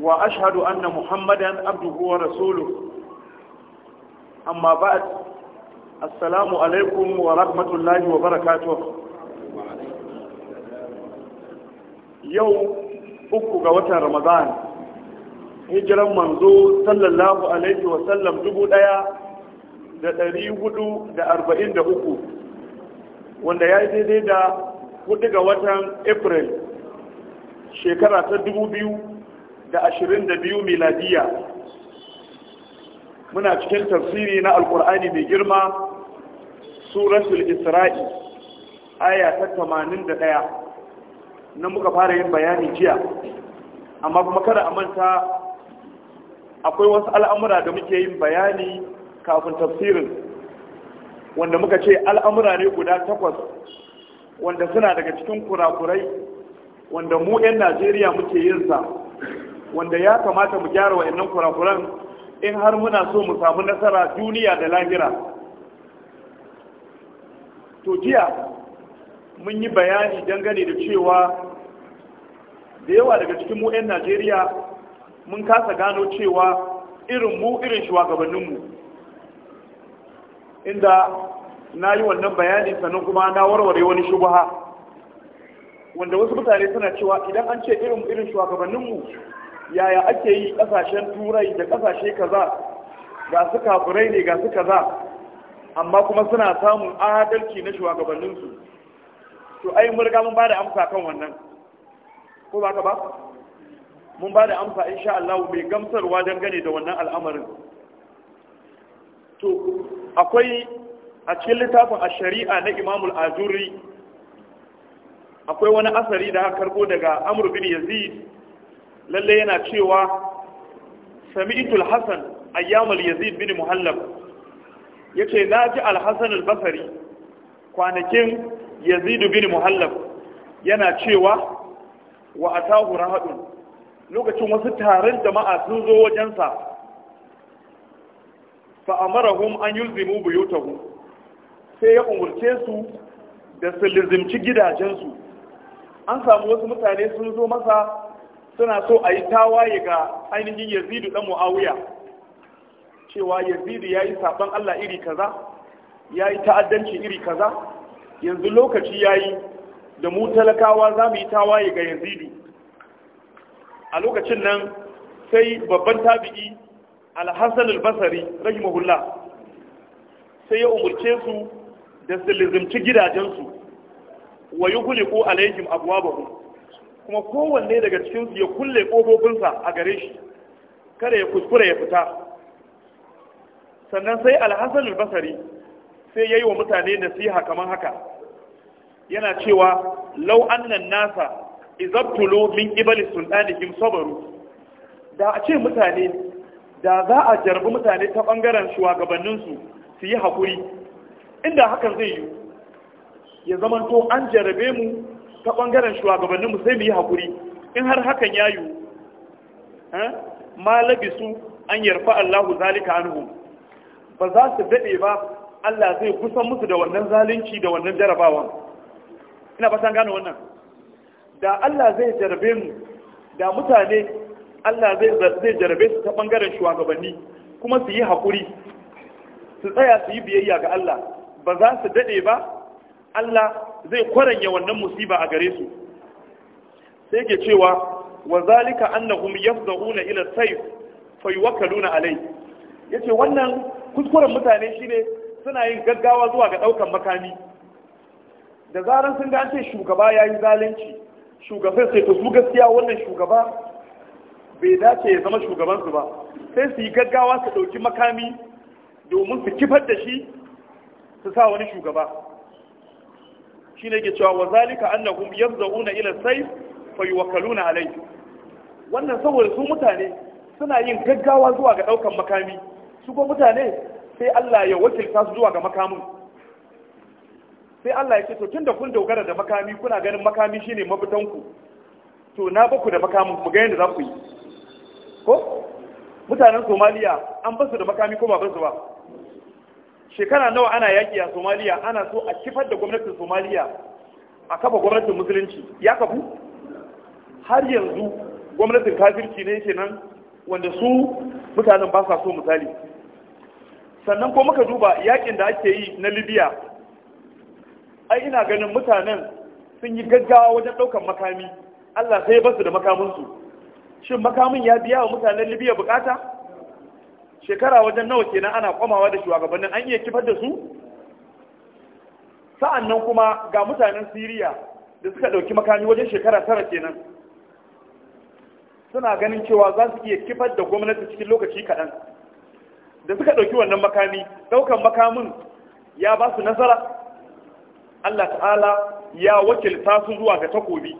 muhammadan أن محمدا rasuluhu amma أما بعد السلام عليكم ورحمة الله وبركاته يوم uku ga watan Ramadan hijiran manzo sallallahu alaihi wa sallam dubu ɗaya da ɗari hudu da arba'in da uku wanda ya yi daidai da hudu ga watan April shekara ta dubu biyu da ashirin da biyu miladiya muna cikin tafsiri na alkur'ani mai girma suratul isra'i aya ta tamanin da ɗaya nan muka fara yin bayani jiya amma kuma kada a manta akwai wasu al'amura da muke yin bayani kafin tafsirin wanda muka ce al'amura ne guda takwas wanda suna daga cikin kurakurai wanda mu 'yan najeriya muke yin sa wanda ya kamata mu gyara wa wa'annan kurakuran in har muna so mu samu nasara duniya da lahira to jiya mun yi bayani dangane da cewa da yawa daga cikin mu 'yan najeriya mun kasa gano cewa irin mu irin shugabanninmu inda na yi wannan bayanin sannan kuma na warware wani shubuha wanda wasu mutane suna cewa idan an ce irin irin shugabanninmu yaya ake yi kasashen turai da kasashe kaza ga su kafirai ne ga su kaza amma kuma suna samun adalci na shugabanninsu to ai mun riga mun bada amsa kan wannan ko ba ka ba mun bada amsa insha Allah mai gamsarwa gane da wannan al'amarin to akwai a cikin littafin a shari'a na Imam al-Ajuri akwai wani asari da aka karbo daga Amr bin Yazid lalle yana cewa sami'tu al-hasan ayyam al-yazid bin muhallab yace naji al-hasan al-basri kwanakin yazid bin muhallab yana cewa wa atahu rahadun lokacin wasu tarin jama'a sun zo wajensa fa amarahum an yulzimu buyutahum sai ya umurce su da su lizimci gidajensu an samu wasu mutane sun zo masa suna so a yi tawaye ga ainihin yazidu ɗan mu'awuya cewa yazidu ya yi saɓon allah iri kaza ya yi ta'addanci iri kaza yanzu lokaci ya yi da mu talakawa za mu yi tawaye ga yazidu a lokacin nan sai babban tabi'i alhassan albasari Hula, sai ya umarce su da su lizimci gidajensu wa yi huliku alaihim abuwa ba kuma kowanne daga cikinsu ya kulle ƙofofinsa a gare shi kada ya kuskura ya fita sannan sai alhassan basari sai ya yi wa mutane nasiha kamar haka yana cewa lau annan nasa izabtulo min ibali sultanihim sabaru da a ce mutane da za a jarbi mutane ta ɓangaren shugabanninsu su yi haƙuri inda hakan zai yi ya zamanto an jarabe mu ta bangaren shugabanninmu sai mu yi hakuri in har hakan ya yiwu eh, ma labisu an yarfa Allahu zalika hu, ba za su daɗe ba Allah zai kusan musu da wannan zalunci da wannan jarabawan ina san gane wannan da Allah zai jarabe mu da mutane Allah zai jarabe su ta bangaren shugabanni kuma su yi hakuri su tsaya su yi biyayya ga Allah ba za su daɗe ba Allah zai kwaranya wannan musiba a gare su sai ke cewa wa zalika annahum yafzauna ila sayf fayuwakkaluna alai yace wannan kuskuren mutane shine suna yin gaggawa zuwa ga daukan makami da zaran sun ga an ce shugaba yayi zalunci shugaban sai to su gaskiya wannan shugaba bai dace ya zama shugabansu ba sai su yi gaggawa su ɗauki makami domin su kifar da shi su sa wani shugaba shine yake cewa wa zalika annahum yabzauna ila sayf fayuwakkaluna alayhi wannan saboda su mutane suna yin gaggawa zuwa ga daukan makami su ko mutane sai Allah ya wakilta su zuwa ga makamin sai Allah ya ce to tunda kun dogara da makami kuna ganin makami shine ku to na baku da makamin mu ga yadda za ku yi ko mutanen Somaliya an basu da makami ko ba basu ba shekara nawa ana yaƙi a somaliya ana so a kifar da gwamnatin somaliya a kafa gwamnatin musulunci ya kafu har yanzu gwamnatin kafirci ne nan wanda su mutanen ba sa so misali sannan ko muka duba yakin da ake yi na libya ai ina ganin mutanen sun yi gaggawa wajen ɗaukar makami allah sai ya basu da makaminsu shin makamin ya biya wa mutanen libya bukata shekara wajen nawa kenan ana kwamawa da shugabannin an iya kifar da su sa'annan kuma ga mutanen siriya da suka ɗauki makami wajen shekara tara kenan suna ganin cewa za su iya kifar da gwamnati cikin lokaci kaɗan da suka ɗauki wannan makami ɗaukan makamin ya ba su nasara allah ta'ala ya wakilta su zuwa ga takobi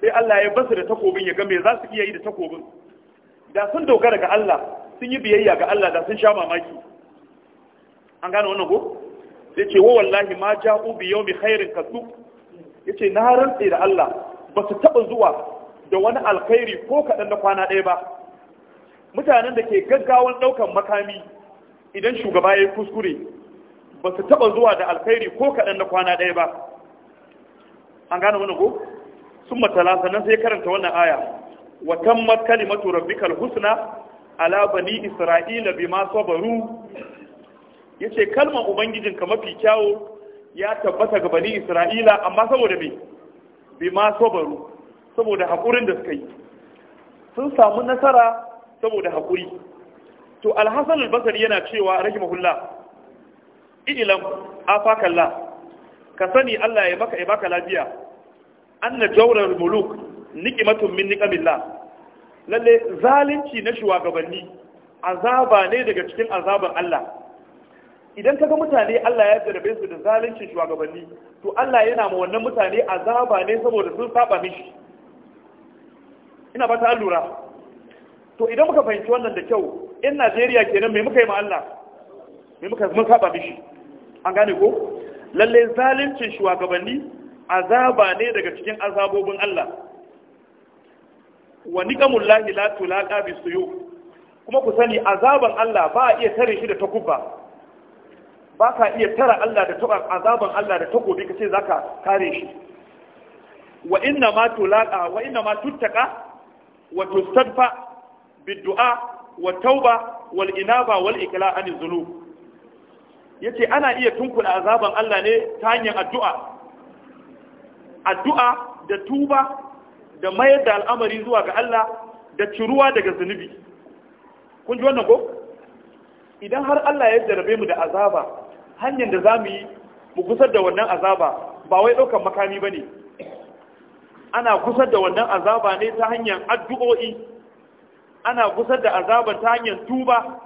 sai allah ya basu da takobin ya ga me za su iya yi da takobin da sun dogara ga allah sun yi biyayya ga Allah da sun sha mamaki an gane wannan ko sai ce wa wallahi ma ja'u bi yawmi khairin kasu yace na rantsa da Allah ba su taba zuwa da wani alkhairi ko kadan da kwana ɗaya ba mutanen da ke gaggawan daukan makami idan shugaba ya kuskure ba su taba zuwa da alkhairi ko kadan da kwana ɗaya ba an gane wannan ko sun matala sannan sai karanta wannan aya wa tammat kalimatu rabbikal husna ala bani isra'ila bima sabaru ce kalmar ubangijin ka mafi kyawo ya tabbata ga bani isra'ila amma saboda me bima sabaru saboda haƙurin da suka yi sun samu nasara saboda haƙuri. to alhassan albasar yana cewa rahimahullah ililan afakalla ka sani Allah ya baka ya baka lafiya anna jawrar muluk niqmatun min niqamillah lalle zalunci na shugabanni azaba ne daga cikin azabar Allah idan kaga mutane Allah ya jarabe su da zalunci shugabanni to Allah yana ma wannan mutane azaba ne saboda sun saba mishi ina ba ta lura to idan muka fahimci wannan da kyau in Najeriya kenan me muka yi ma Allah me muka mun saba mishi an gane ko lalle zaluncin shugabanni azaba ne daga cikin azabobin Allah wa niqamullahi la tulaqa bisuyu kuma ku sani azaban Allah ba a iya tare shi da takubba ba ka iya tara Allah da taɓa azaban Allah da takobi ka ce za ka kare shi wa inna ma tulaqa wa inna ma tuttaqa wa tustadfa biddu'a wa tauba wal inaba wal ikla an zulub yace ana iya tunkula azaban Allah ne ta hanyar addu'a addu'a da tuba da mayar da al'amari zuwa ga Allah da ciruwa daga zunubi kun ji wannan ko idan har Allah ya jarabe mu da azaba hanyar da za mu yi mu gusar da wannan azaba ba wai ɗaukar makami ba ne ana gusar da wannan azaba ne ta hanyar addu'o'i ana gusar da azaba ta hanyar tuba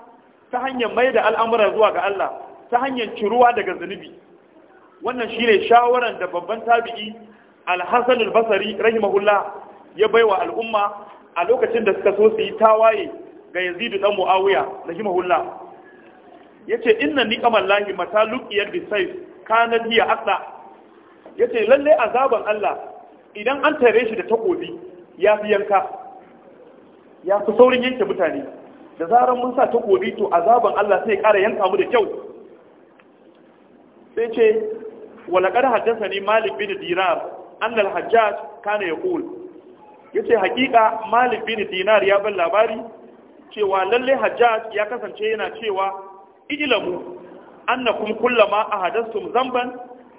ta hanyar mai da al'amura zuwa ga Allah ta hanyar ciruwa daga zunubi wannan shi ne shawaran da babban tabi'i alhassan albasari rahimahullah ya baiwa al'umma a lokacin da suka so su yi tawaye ga yazidu dan muawiya rahimahullah yace inna niqamal lahi matalukiyar bisayf kana hiya aqda yace lallai azaban Allah idan an tare shi da takobi ya fi yanka ya fi saurin yanke mutane da zaran mun sa takobi to azaban Allah sai ya kara yanka mu da kyau sai ce walaƙar haddasa ne malik bin dirar annal hajjaj kana yaqul yace haƙiƙa malam bin dinar ya bar labari cewa lalle hajjaj ya kasance yana cewa ijlamu annakum kullama ahadathtum zamban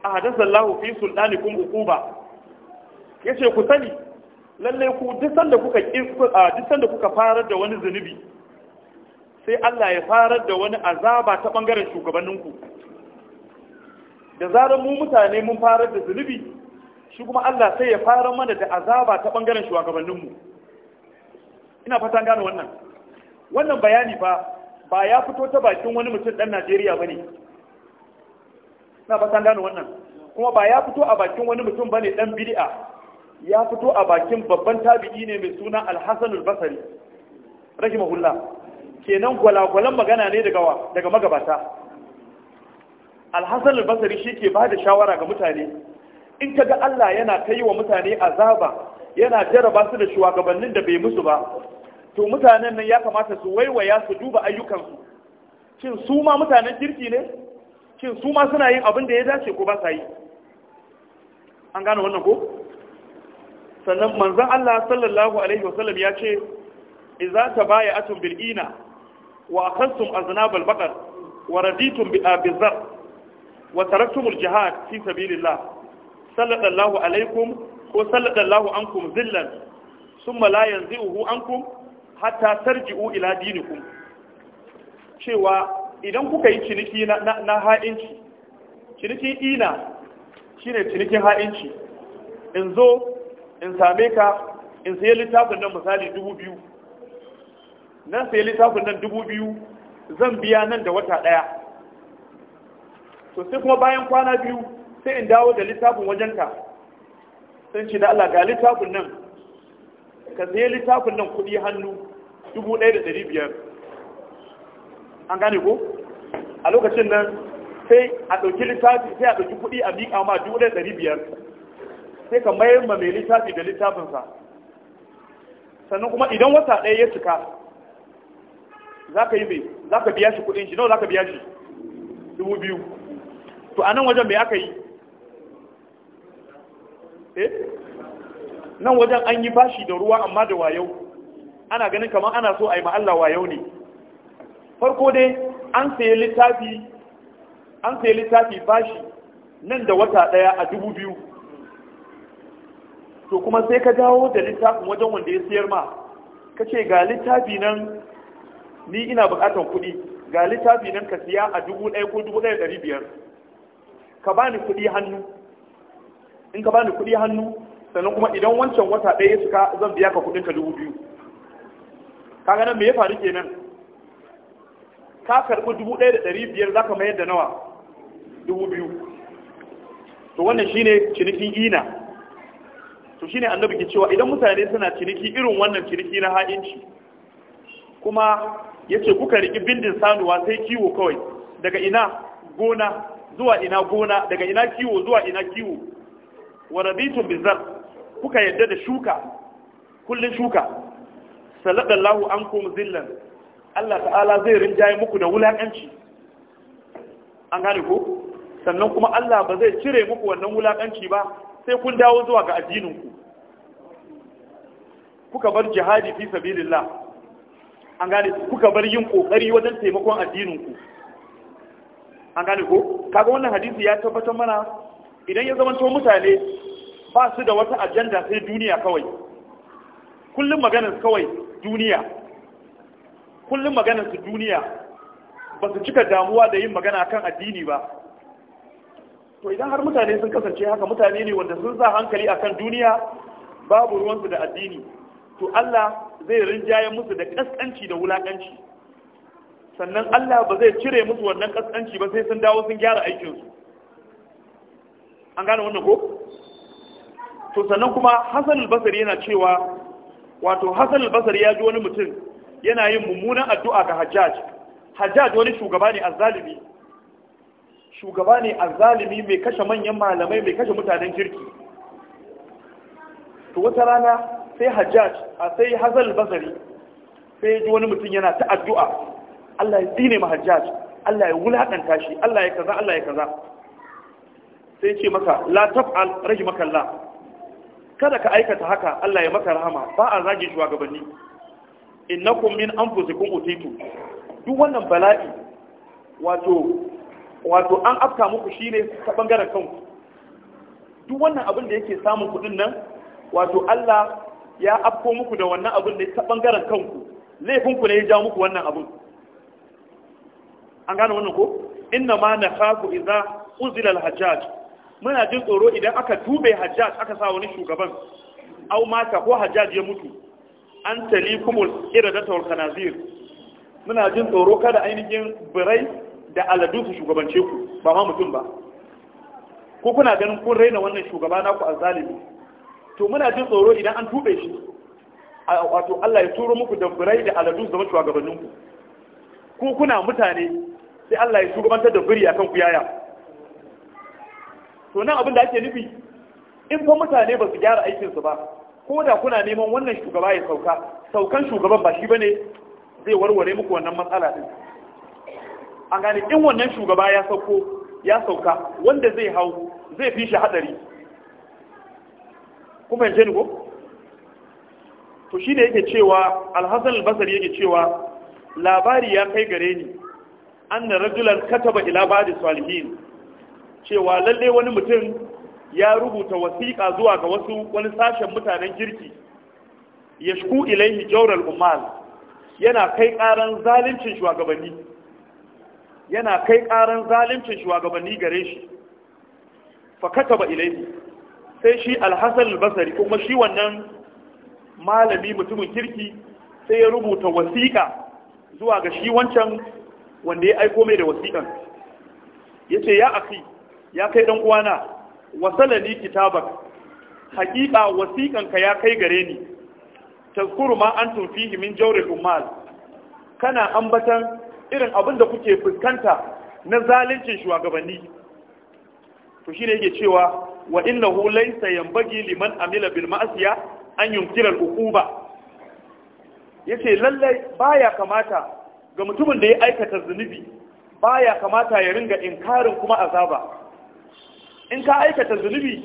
ahadatha Allah fi sultanikum ya yace ku sani lalle ku duk sanda kuka farar da wani zunubi sai Allah ya farar da wani azaba ta shugabannin shugabanninku da zarar mu mutane mun farar da zunubi shi kuma Allah sai ya fara mana da azaba ta bangaren shugabanninmu ina fatan gano wannan wannan bayani ba ba ya fito ta bakin wani mutum dan Najeriya bane ina fata gano wannan kuma ba ya fito a bakin wani mutum bane dan bid'a ya fito a bakin babban tabi'i ne mai suna Al-Hasan al-Basri rahimahullah kenan gwalagwalan magana ne daga daga magabata Al-Hasan al-Basri shi ke ba da shawara ga mutane in ka ga Allah yana ta yi wa mutane azaba yana jaraba su da shugabannin da bai musu ba to mutanen nan ya kamata su waiwaya su duba ayyukansu Cin su ma mutanen kirki ne Cin su ma suna yin abin da ya dace ko ba sa yi an gane wannan ko sannan manzon Allah sallallahu alaihi wasallam ya ce ta baya atun ina wa akhadtum aznab baqar wa raditum bi abizar ah, wa taraktum jihad fi sabilillah sallallahu alaikum ko sallallahu ankum zillan summa la yanzihu ankum hatta tarji'u ila dinikum cewa idan kuka yi ciniki na na ha'inci cinikin ina shine cinikin ha'inci in zo in same ka in sayi littafin nan misali dubu biyu nan sayi littafin nan dubu biyu zan biya nan da wata ɗaya to sai kuma bayan kwana biyu sai in dawo da littafin wajenka sun ce da Allah ga littafin nan ka sai littafin nan kudi hannu 1,500 an gane ko a lokacin nan sai a ɗauki littafi sai a ɗauki kudi a miƙa ma 1,500 sai ka mayar ma mai littafi da littafinsa sannan kuma idan wata ɗaya ya cika za ka yi mai za ka biya shi kudin shi nawa za ka biya shi dubu biyu to a nan wajen mai aka yi Eh? nan wajen an yi bashi da ruwa amma da wayo ana ganin kamar ana so a yi ma'alla wayo ne farko dai an sayi littafi an sayi littafi bashi nan da wata daya a dubu biyu to kuma sai ka dawo da littafin wajen wanda ya siyar ma ka ce ga littafi nan ni ina bukatan kuɗi ga littafi nan ka siya a dubu ɗaya ko dubu ɗaya ɗari biyar ka bani kuɗi hannu in ka bani kuɗi hannu sannan kuma idan wancan wata ɗaya ya cika zan biya ka kuɗin ka dubu biyu kaga nan me ya faru kenan ka karɓi dubu ɗaya da ɗari biyar za ka mayar da nawa dubu biyu to wannan shine cinikin ina to shine annabi ke cewa idan mutane suna ciniki irin wannan ciniki na ha'inci kuma ya ce kuka riki bindin sanuwa sai kiwo kawai daga ina gona zuwa ina gona daga ina kiwo zuwa ina kiwo wa raditun bizar kuka yadda da shuka kullun shuka saladallahu ankum zillan Allah ta'ala zai rinjaye muku da wulakanci an gane ko sannan kuma Allah ba zai cire muku wannan wulakanci ba sai kun dawo zuwa ga addinin ku kuka bar jihadi fi sabilillah an gane kuka bar yin kokari wajen taimakon addinin ku an gane ko kaga wannan hadisi ya tabbatar mana idan ya zamanto mutane ba su da wata ajanda sai duniya kawai kullum maganar kawai duniya kullum maganar su duniya ba su cika damuwa da yin magana kan addini ba to idan har mutane sun kasance haka mutane ne wanda sun sa hankali akan duniya babu ruwansu da addini to Allah zai rinjaye musu da kaskanci da wulakanci sannan Allah ba zai cire musu wannan kaskanci ba sai sun dawo sun gyara aikinsu an gane wannan ko to sannan kuma hasan al-basri yana cewa wato hasan al-basri ya ji wani mutum yana yin mummunan addu'a ga hajjaj hajjaj wani shugaba ne azzalimi shugaba ne azzalimi mai kashe manyan malamai mai kashe mutanen kirki to wata rana sai hajjaj a sai hasan al-basri sai ji wani mutum yana ta addu'a Allah ya dine ma hajjaj Allah ya wulakanta shi Allah ya kaza Allah ya kaza sai ce maka la taf'al maka Allah kada ka aikata haka Allah ya maka rahama ba a zage shugabanni innakum min anfusikum utitu duk wannan bala'i wato wato an afka muku shine ta bangaren kanku duk wannan abin da yake samun kudin nan wato Allah ya afko muku da wannan abin da ta bangaren kanku laifinku ne ya ja muku wannan abin an gane wannan ko inna ma nakhafu idza uzila al-hajjaj muna jin tsoro idan aka tube hajjaj aka sa wani shugaban au mata ko hajjaj ya mutu an tali kumul da tawar kanazir muna jin tsoro kada ainihin birai da aladu su shugabance ku ba ma mutum ba ko kuna ganin kun raina wannan shugaba na ku azalimi to muna jin tsoro idan an tube shi wato Allah ya turo muku da birai da aladu zama shugabanninku ku kuna mutane sai Allah ya shugabantar da biri akan ku yaya to abin da ake nufi in fa mutane ba su gyara aikinsu ba ko da kuna neman wannan shugaba ya sauka saukan shugaban ba shi bane zai warware muku wannan matsala din an gane in wannan shugaba ya sauko ya sauka wanda zai hau zai fi shi hadari kuma yanzu ne ko to shine yake cewa alhassan albasari yake cewa labari ya kai gare ni anna rajulan kataba ila da salihin cewa lalle wani mutum ya rubuta wasiƙa zuwa ga wasu wani sashen mutanen kirki ya shku ilaihi jawral umal yana kai ƙaran zalincin shugabanni yana kai ƙaran zalincin shugabanni gare shi Fa kataba ilaihi sai shi alhassan albasari kuma shi wannan malami mutumin kirki sai ya rubuta wasiƙa zuwa ga shi wancan wanda ya aiko mai da wasiƙan yace ya aki ya kai ɗan uwana wasalani kitabak hakika ka ya kai gare ni tazkuru ma antum fihi min jawri ummal kana ambatan irin abin da kuke fuskanta na zaluncin shugabanni to shine yake cewa wa innahu laysa yanbaghi liman amila bil ma'siya an yunkira al uquba yace lalle baya kamata ga mutumin da ya aikata zunubi baya kamata ya ringa inkarin kuma azaba in ka aikata zunubi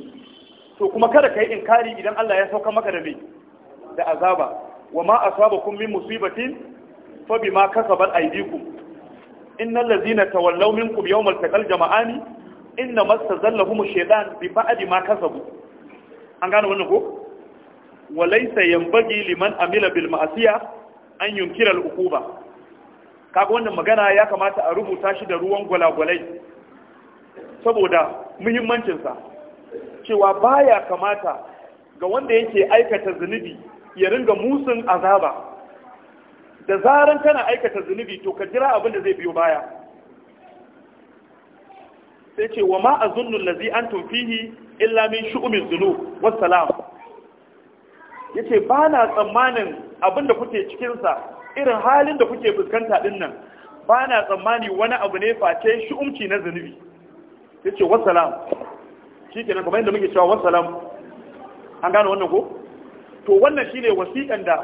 to kuma kada ka yi inkari idan Allah ya sauka maka da mai da azaba wa ma asabakum min musibatin fa bima kasabat aydikum innal ladhina tawallaw minkum yawmal taqal jama'ani inna mastazallahum ash-shaytan bi ba'di ma kasabu an gane wannan ko wa laysa yanbaghi liman amila bil ma'siya an yunkira al-uquba kaga wannan magana ya kamata a rubuta shi da ruwan gwalagwalai saboda muhimmancinsa cewa baya kamata ga wanda yake aikata zunubi ya ringa musun azaba da zaran kana aikata zunubi to ka jira abin da zai biyo baya sai ce wa ma azunnu lazi an tumfihi illa min shu'umin zunu wassalam ce ba na tsammanin abin da kuke cikinsa irin halin da kuke fuskanta dinnan, nan ba na tsammani wani abu ne face shu'umci na zunubi ya ce wasalam shi kenan kuma yadda muke cewa wasalam an gano wannan ko to wannan shine wasiƙan da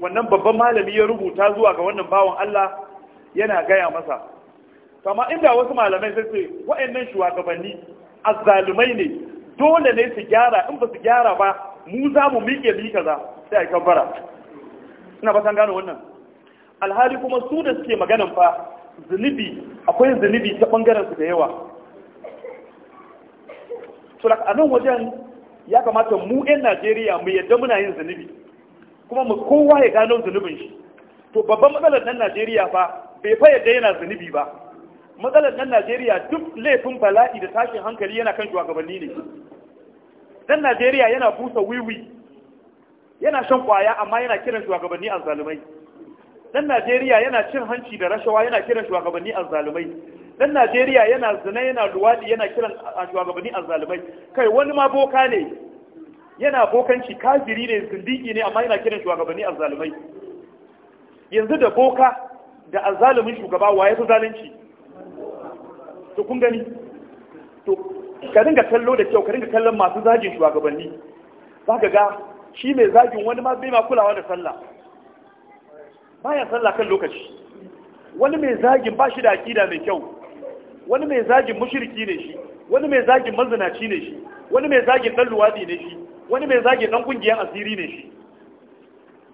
wannan babban malami ya rubuta zuwa ga wannan bawan Allah yana gaya masa kama inda wasu malamai sai ce wa'annan shugabanni azzalumai ne dole ne su gyara in ba su gyara ba mu za mu miƙe bi kaza sai ai kafara ina ba san gano wannan alhali kuma su da suke maganan fa zunubi akwai zunubi ta bangaren su da yawa so a nan wajen ya kamata mu 'yan najeriya mu yadda muna yin zunubi kuma mu kowa ya gano zunubin shi to babban matsalar nan najeriya fa bai fa yadda yana zunubi ba matsalar nan najeriya duk laifin bala'i da tashin hankali yana kan shugabanni ne dan najeriya yana busa wiwi yana shan kwaya amma yana kiran shugabanni azzalumai dan najeriya yana cin hanci da rashawa yana kiran shugabanni azzalumai dan Najeriya yana zina yana luwadi yana kiran shugabanni azzalumai kai wani ma boka ne yana bokanci kafiri ne zindiki ne amma yana kiran shugabanni azzalumai yanzu da boka da azzalumin shugaba ya fi zalunci to kun gani to ka dinga kallo da kyau ka dinga kallon masu zagin shugabanni za ga shi mai zagin wani ma bai ma kulawa da sallah baya sallah kan lokaci wani mai zagin ba shi da aƙida mai kyau wani mai zagin mushiriki ne shi wani mai zagin mazinaci ne shi wani mai zagin dan luwadi ne shi wani mai zagin dan kungiyar asiri ne shi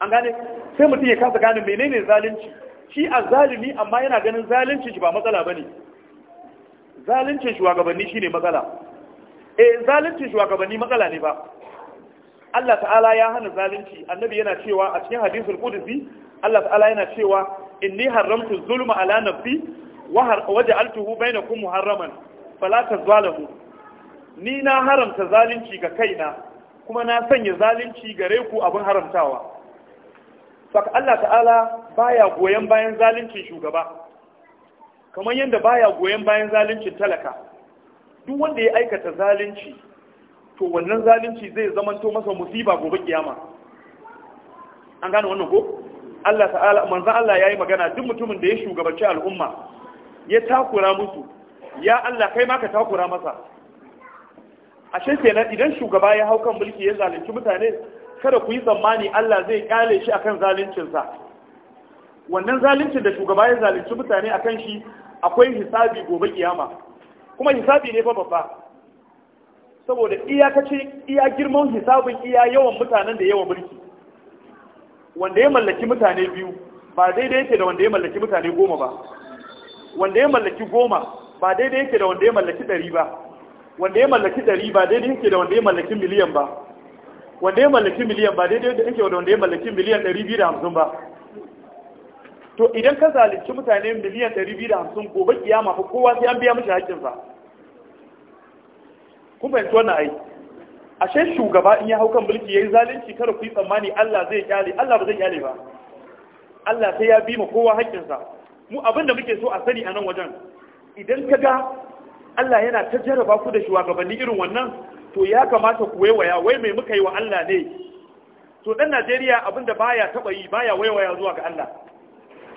an gane sai mutum ya kasa gane menene zalunci shi a zalimi amma yana ganin zalunci shi ba matsala bane zaluncin shugabanni shine matsala eh zaluncin shugabanni matsala ne ba Allah ta'ala ya hana zalunci annabi yana cewa a cikin hadisul qudsi Allah ta'ala yana cewa inni haramtu zulma ala nafsi waje altuhu bai na kuma haraman falata zalamu ni na haramta zalunci ga kaina kuma na sanya zalunci gare ku abin haramtawa saka Allah ta'ala baya goyon bayan zaluncin shugaba kamar yadda baya goyon bayan zaluncin talaka duk wanda ya aikata zalunci to wannan zalunci zai to masa musiba gobe kiyama an gane wannan ko Allah ta'ala manzo Allah yayi magana duk mutumin da ya shugabanci al'umma ya takura musu ya Allah kai ma ka takura masa A kenan idan shugaba ya hau kan mulki ya zalunci mutane kada ku yi tsammani Allah zai kyale shi akan zaluncinsa wannan zaluncin da shugaba ya zalunci mutane akan shi akwai hisabi gobe kiyama kuma hisabi ne fa babba saboda iyakacin iya girman hisabin iya yawan mutanen da yawan mulki wanda ya mallaki mutane biyu ba daidai yake da wanda ya mallaki mutane goma ba wanda ya mallaki goma ba daidai yake da wanda ya mallaki ɗari ba wanda ya mallaki ɗari ba daidai yake da wanda ya mallaki miliyan ba wanda ya mallaki miliyan ba daidai yake da wanda ya mallaki miliyan ɗari biyu da hamsin ba to idan ka zalunci mutane miliyan ɗari biyu da hamsin gobe kiyama fa kowa sai an biya mishi haƙƙinsa kun fahimci wannan ai ashe shugaba in ya hau kan mulki yayi zalunci kada ku yi tsammani Allah zai kyale Allah ba zai kyale ba Allah sai ya bi ma kowa haƙƙinsa mu abin da muke so a sani a nan wajen idan ka ga Allah yana ta jarrabaku ku da shugabanni irin wannan to ya kamata ku waiwaya wai mai muka yi wa Allah ne to dan Najeriya abin da baya taba yi baya waiwaya zuwa ga Allah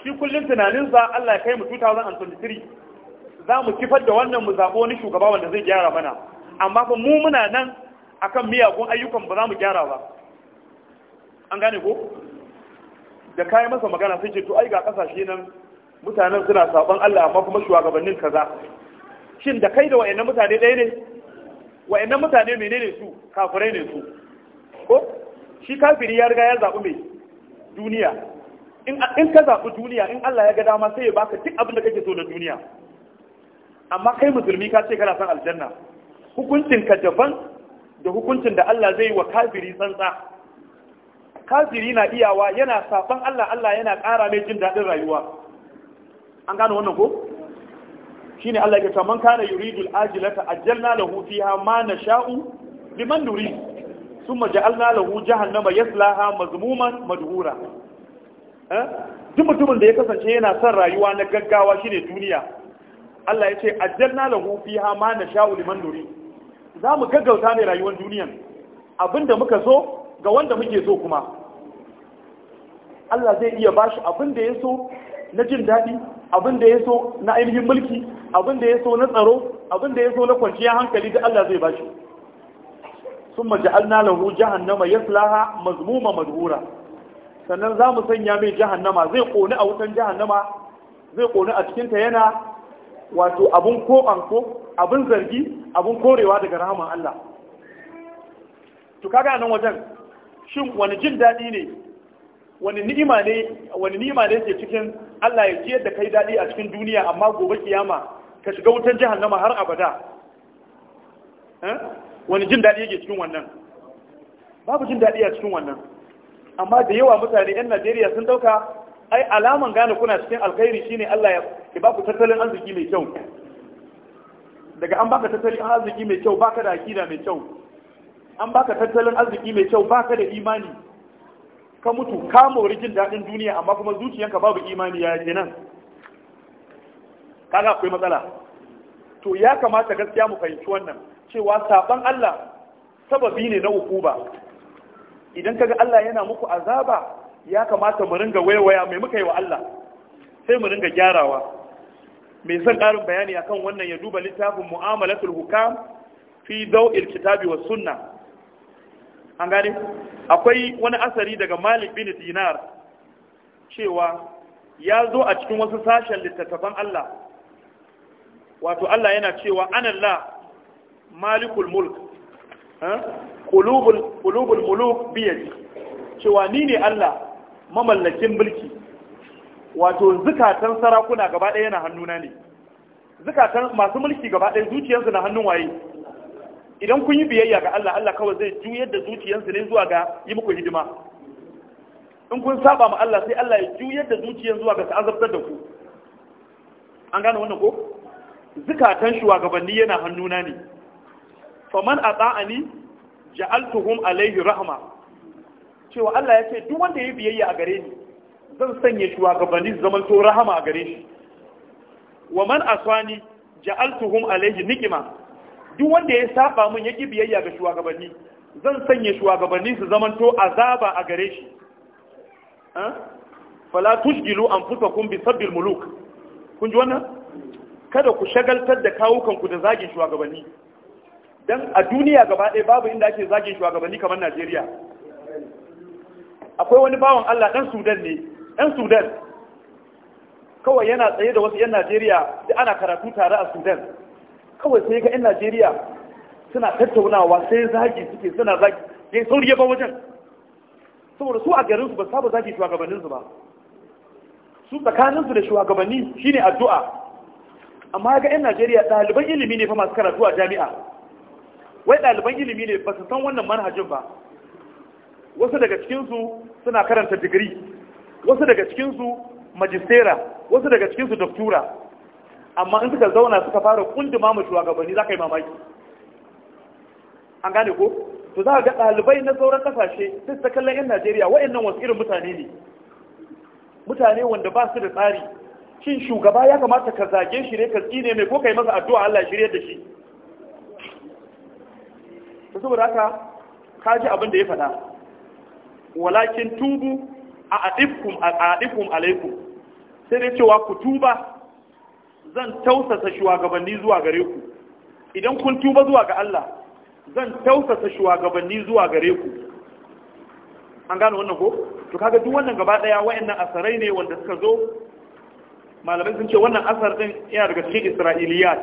shi kullun tunaninsa Allah ya kai mu 2023 za mu kifar da wannan mu zabo wani shugaba wanda zai gyara mana amma fa mu muna nan akan miyagun ayyukan ba za mu gyara ba an gane ko da kai masa magana sai ce to ai ga kasashe nan mutanen suna saban Allah amma kuma shugabannin kaza shin da kai da wayannan mutane ɗaya ne wayannan mutane menene su kafirai ne su ko shi kafiri ya riga ya zaɓi mai duniya in ka zaɓi duniya in Allah ya ga dama sai ya baka duk abin da kake so da duniya amma kai musulmi ka ce kana son aljanna hukuncin ka daban da hukuncin da Allah zai yi wa kafiri tsantsa kafiri na iyawa yana saban Allah Allah yana ƙara mai jin daɗin rayuwa an gano wannan ko shine Allah ya ce man kana yuridu al-ajilata ajjalna lahu fiha ma nasha'u liman nurid thumma ja'alna lahu jahannama yaslaha mazmuman madhura eh duk mutumin da ya kasance yana son rayuwa na gaggawa shine duniya Allah ya ce ajjalna lahu fiha ma nasha'u liman nurid za mu gaggauta ne rayuwar duniyan abinda muka so ga wanda muke so kuma Allah zai iya bashi abinda ya so na jin daɗi abin da ya so na ainihin mulki abin da ya so na tsaro abin da ya so na kwanciya hankali da Allah zai bashi sun maja'alna lahu jahannama yaslaha mazmuma madhura sannan za mu sanya mai jahannama zai koni a wutan jahannama zai koni a cikinta yana wato abun ko anko abun zargi abun korewa daga rahaman Allah to kaga nan wajen shin wani jin daɗi ne wani ni'ima ne wani ni'ima ne ke cikin Allah ya ciyar da kai daɗi a cikin duniya amma gobe kiyama ka shiga wutan jahannama har abada eh? wani jin daɗi yake cikin wannan babu jin daɗi a cikin wannan amma da yawa mutane 'yan Najeriya sun ɗauka ai alaman gane kuna cikin alkhairi shine Allah ya ba ku tattalin arziki mai kyau daga an baka tattalin arziki mai kyau baka da akida mai kyau an baka tattalin arziki mai kyau baka da imani ka mutu ka mori jin daɗin duniya amma kuma zuciyanka babu imani ya ke nan kaga akwai matsala to ya kamata gaskiya mu fahimci wannan cewa saban Allah sababi ne na hukuba. idan kaga Allah yana muku azaba ya kamata mu ringa waiwaya mai muka yi wa Allah sai mu ringa gyarawa mai zan ƙarin bayani akan wannan ya duba littafin mu'amalatul hukam fi daw'il kitabi was sunna an gane akwai wani asari daga malik bin dinar cewa ya zo a cikin wasu sashen littattafan Allah wato Allah yana cewa anallah malikul mulk kulubul eh? muluk biyadi cewa ni ne Allah mamallakin mulki wato zukatan sarakuna gaba ɗaya na hannuna ne zukatan masu mulki gaba ɗaya zuciyarsu na hannun waye idan kun yi biyayya ga Allah Allah kawai zai juyar da zuciyarsa ne zuwa ga yi muku hidima in kun saba ma Allah sai Allah ya juyar da zuciyar zuwa ga azabtar da ku an gane wannan ko zukatan shugabanni yana hannuna ne faman ata'ani ja'altuhum alayhi rahma cewa Allah ya ce duk wanda ya biyayya a gare ni zan sanya shugabanni zaman to rahama a gare shi wa man aswani ja'altuhum alayhi niqima duk wanda ya saba min ki biyayya ga shugabanni zan sanya shugabanni su zamanto azaba a gare shi fala tushgilu anfusakum bi sabbil muluk kun ji wannan kada ku shagaltar da kawukan ku da zagin shugabanni dan a duniya gaba ɗaya babu inda ake zagin shugabanni kamar Najeriya akwai wani bawan Allah dan Sudan ne dan Sudan kawai yana tsaye da wasu 'yan Najeriya da ana karatu tare a Sudan kawai sai ga 'yan najeriya suna tattaunawa sai zagi suke suna zagi ya sauri ya ba wajen saboda su a garinsu ba saba zagi su ba su tsakaninsu da shugabanni shine addu'a amma ga 'yan najeriya ɗaliban ilimi ne fa masu karatu a jami'a wai ɗaliban ilimi ne ba su san wannan manhajin ba wasu daga cikinsu suna karanta digiri wasu daga cikinsu majistera wasu daga cikinsu doktura amma in suka zauna suka fara kunduma mu shugabanni za ka yi mamaki an gane ko to za ka ga ɗalibai na sauran kasashe sai ta kallon 'yan najeriya wa'annan wasu irin mutane ne mutane wanda ba su da tsari shin shugaba ya kamata ka zage shi ne ka tsine mai ko kai masa addu'a Allah shirye da shi to saboda haka ka ji abin da ya faɗa walakin tubu a adikum alaikum sai dai cewa ku tuba zan tausasa shugabanni zuwa gare ku idan kun tuba zuwa ga Allah zan tausasa shugabanni zuwa gare ku an gano wannan ko to kaga duk wannan gaba daya wayannan asarai ne wanda suka zo malamai sun ce wannan asar din yana daga cikin isra'iliyat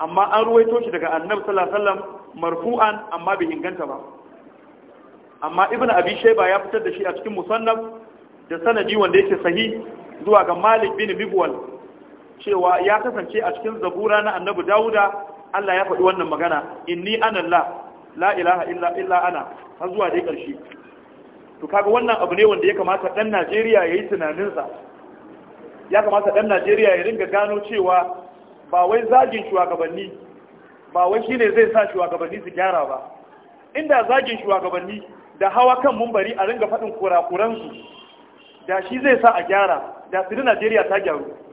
amma an ruwaito shi daga annabi sallallahu alaihi wasallam marfu'an amma bai inganta ba amma ibnu abi shayba ya fitar da shi a cikin musannaf da sanadi wanda yake sahih zuwa ga malik bin bibwal cewa ya kasance a cikin zabura na Annabu dawuda Allah ya faɗi wannan magana inni anallah la ilaha illa ana har zuwa dai ƙarshe to kaga wannan abu ne wanda ya kamata ɗan Najeriya ya yi tunaninsa ya kamata ɗan Najeriya ya ringa gano cewa ba wai zagin shugabanni ba wai shi ne zai sa shugabanni su gyara ba inda zagin shugabanni da hawa kan mumbari a ringa faɗin kurakuransu da shi zai sa a gyara da su Najeriya ta gyaru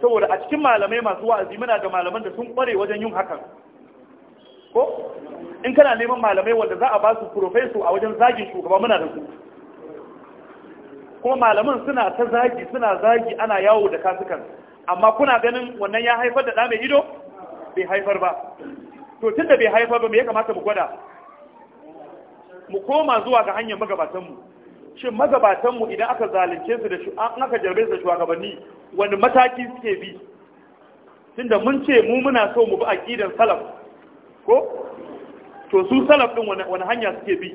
saboda a cikin malamai masu wa'azi muna da malaman da sun kware wajen yin hakan ko in kana neman malamai wanda za a ba su a wajen zagi shugaba muna da su kuma malaman suna ta zagi suna zagi ana yawo da kasukan amma kuna ganin wannan ya haifar da ɗa mai ido bai haifar ba to tun da bai haifar ba me ya kamata mu gwada mu koma zuwa ga hanyar magabatanmu shin magabatanmu idan aka zalunce su da an aka jarbe su da shugabanni wani mataki suke bi tunda mun ce mu muna so mu bi ƙidan salaf ko to su salaf ɗin wani hanya suke bi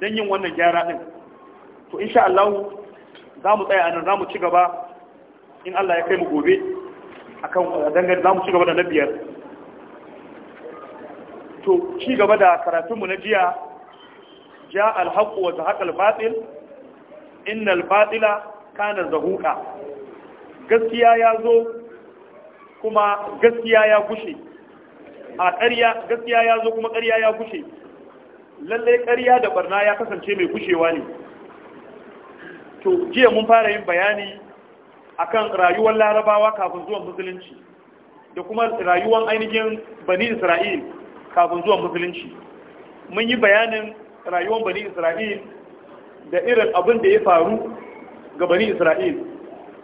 don yin wannan gyara ɗin? to insha Allah za mu tsaya nan, za mu ci gaba in Allah ya kai mu gobe a kan dangane za mu ci gaba da na biyar to ci gaba da karatunmu na jiya ja alhaqu wa zahaqal batil innal batila kana zahuqa gaskiya ya kuma gaskiya ya a ƙarya gaskiya zo kuma ƙarya ya gushe lallai ƙarya da barna ya kasance mai kushewa ne to jiya mun fara yin bayani akan rayuwar larabawa kafin zuwan musulunci da kuma rayuwar ainihin bani isra'il kafin zuwan musulunci mun yi bayanin rayuwar bani isra'il da irin abin da ya faru ga bani isra'il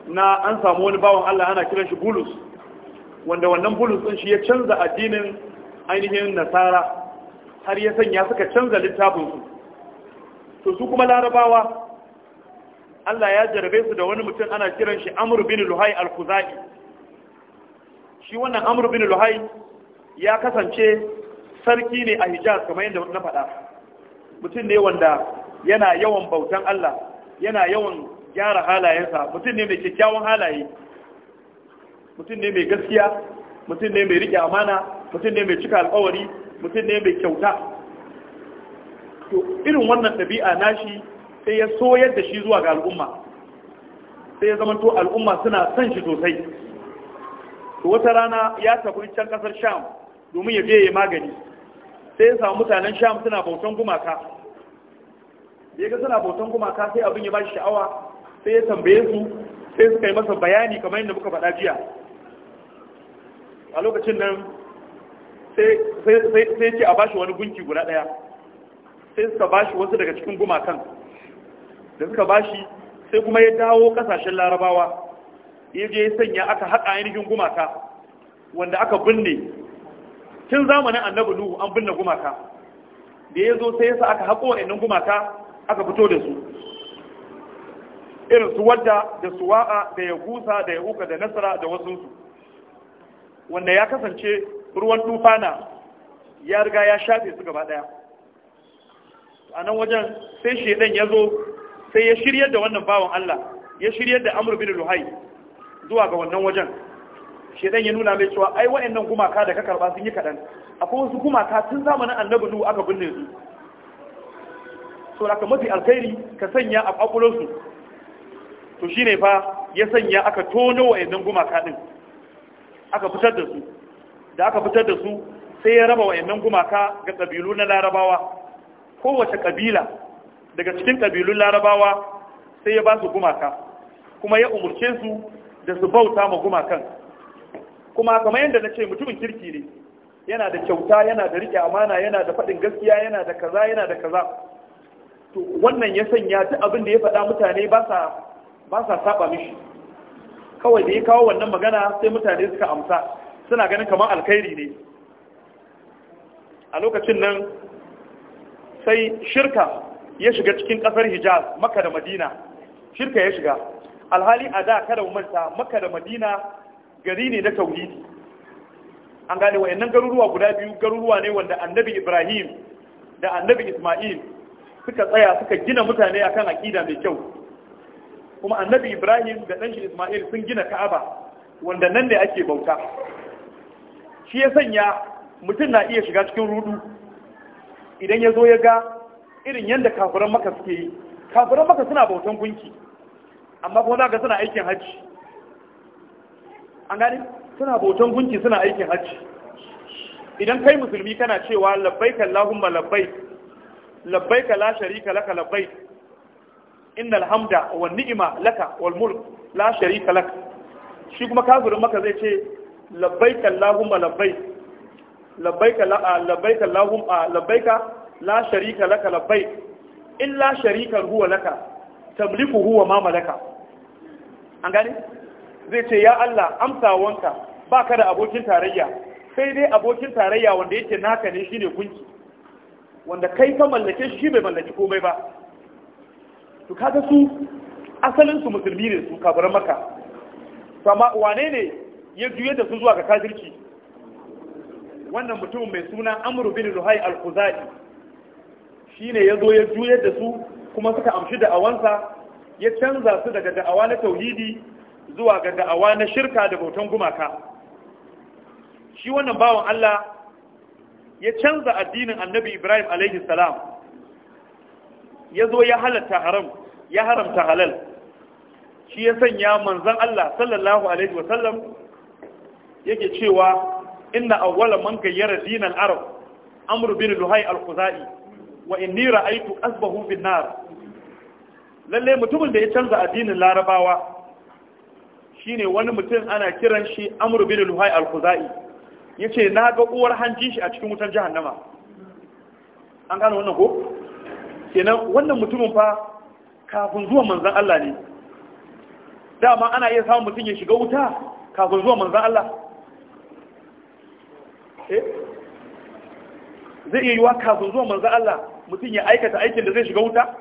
na an samu wani bawan Allah ana kiran shi bulus wanda wannan bulus din shi ya canza addinin ainihin nasara har ya sanya suka canza littafinsu to su kuma larabawa Allah ya jarabe su da wani mutum ana kiran shi amur bin luhai al kuzai shi wannan amur bin luhai ya kasance sarki ne a hijaz kamar yadda na faɗa mutum ne wanda yana yawan bautan Allah yana yawan gyara halayensa mutum ne mai kyakkyawan halaye mutum ne mai gaskiya mutum ne mai riƙe amana mutum ne mai cika alƙawari mutum ne mai kyauta to irin wannan ɗabi'a nashi sai ya so yadda shi zuwa ga al'umma sai ya zama zamanto al'umma suna son shi sosai to wata rana ya tafi can ƙasar sham domin ya je ya magani sai ya samu mutanen sham suna bautan gumaka da ya ga suna bautan gumaka sai abin ya ba shi sha'awa sai ya tambaye su sai suka yi masa bayani kamar yadda muka faɗa jiya a lokacin nan sai ya ce a bashi wani gunki guda ɗaya sai suka bashi wasu daga cikin gumakan da suka bashi sai kuma ya dawo ƙasashen larabawa ya je sanya aka haɗa ainihin gumaka wanda aka binne tun zamanin annabi nuhu an binne gumaka da ya zo sai yasa aka haƙo wa'annan gumaka aka fito da su irin su wadda da suwa'a da ya gusa da ya uka da nasara da su wanda ya kasance ruwan tufana ya riga ya shafe su gaba ɗaya a nan wajen sai shaidan ya zo sai ya shiryar da wannan bawan Allah ya shiryar da Amr bin Luhai zuwa ga wannan wajen shedan ya nuna mai cewa ai waɗannan gumaka da ka karba sun yi kaɗan akwai wasu gumaka tun zamanin annabi nuhu aka binne su so da mafi alkhairi ka sanya a su to shine fa ya sanya aka tono waɗannan gumaka din aka fitar da su da aka fitar da su sai ya raba waɗannan gumaka ga ƙabilu na larabawa kowace kabila daga cikin ƙabilun larabawa sai ya ba su gumaka kuma ya umurce su da su bauta ma gumakan kuma kamar yadda na ce mutumin kirki ne yana da kyauta yana da riƙe amana yana da faɗin gaskiya yana da kaza yana da kaza to wannan ya sanya duk abin da ya faɗa mutane ba sa saba mishi kawai da ya kawo wannan magana sai mutane suka amsa suna ganin kamar alkhairi ne a lokacin nan sai shirka ya shiga cikin ƙasar hijaz maka da madina shirka ya shiga alhali a da kada manta maka da madina gari ne na tauhidi an gane wayannan garuruwa guda biyu garuruwa ne wanda annabi ibrahim da annabi isma'il suka tsaya suka gina mutane akan akida mai kyau kuma annabi ibrahim da shi isma'il sun gina ka'aba wanda nan ne ake bauta shi ya sanya mutum na iya shiga cikin rudu idan ya zo ya ga irin yadda kafuran maka suke yi kafuran maka suna bautan gunki amma kuma za ga suna aikin hajji an gani suna bautan gunki suna aikin hajji idan kai musulmi kana cewa labbaik labbai labbai, ka la sharika laka labbai, innal hamda wa ni'ima laka wal mulk la sharika laka shi kuma kafirin maka zai ce labbaik allahumma labbai, ka la labbaik labbai ka la sharika laka in illa sharikan huwa laka tamliku huwa ma malaka an gani zai ce ya Allah amsa wanka ba ka da abokin tarayya sai dai abokin tarayya wanda yake naka ne shine gunki wanda kai ka mallake shi bai mallaki komai ba to kaga su asalin su musulmi ne su kafiran maka amma wane ne ya juye da su zuwa ga kafirci wannan mutum mai suna amru bin ruhai al-khuzai shine yazo ya juye da su kuma suka amshi da awansa ya canza su daga da'awa na tauhidi zuwa ga da'awa na shirka da bautan gumaka shi wannan bawan Allah ya canza addinin annabi Ibrahim alaihi salam ya zo ya halatta haram ya haramta halal shi ya sanya manzon Allah sallallahu alaihi wasallam yake cewa inna awwala man gayyara dinan arab amru bin luhai al-khuzai wa inni ra'aytu asbahu bin nar lalle mutumin da ya canza addinin larabawa shine wani mutum ana kiran shi amru bin luhai al-khuzai yace na ga uwar hanji shi a cikin wutar jahannama an gano wannan ko kenan wannan mutumin fa kafin zuwa manzon Allah ne dama ana iya samun mutum ya shiga wuta kafin zuwa manzon Allah eh? zai iya yiwa kafin zuwa manzon Allah mutum ya aikata aikin da zai shiga wuta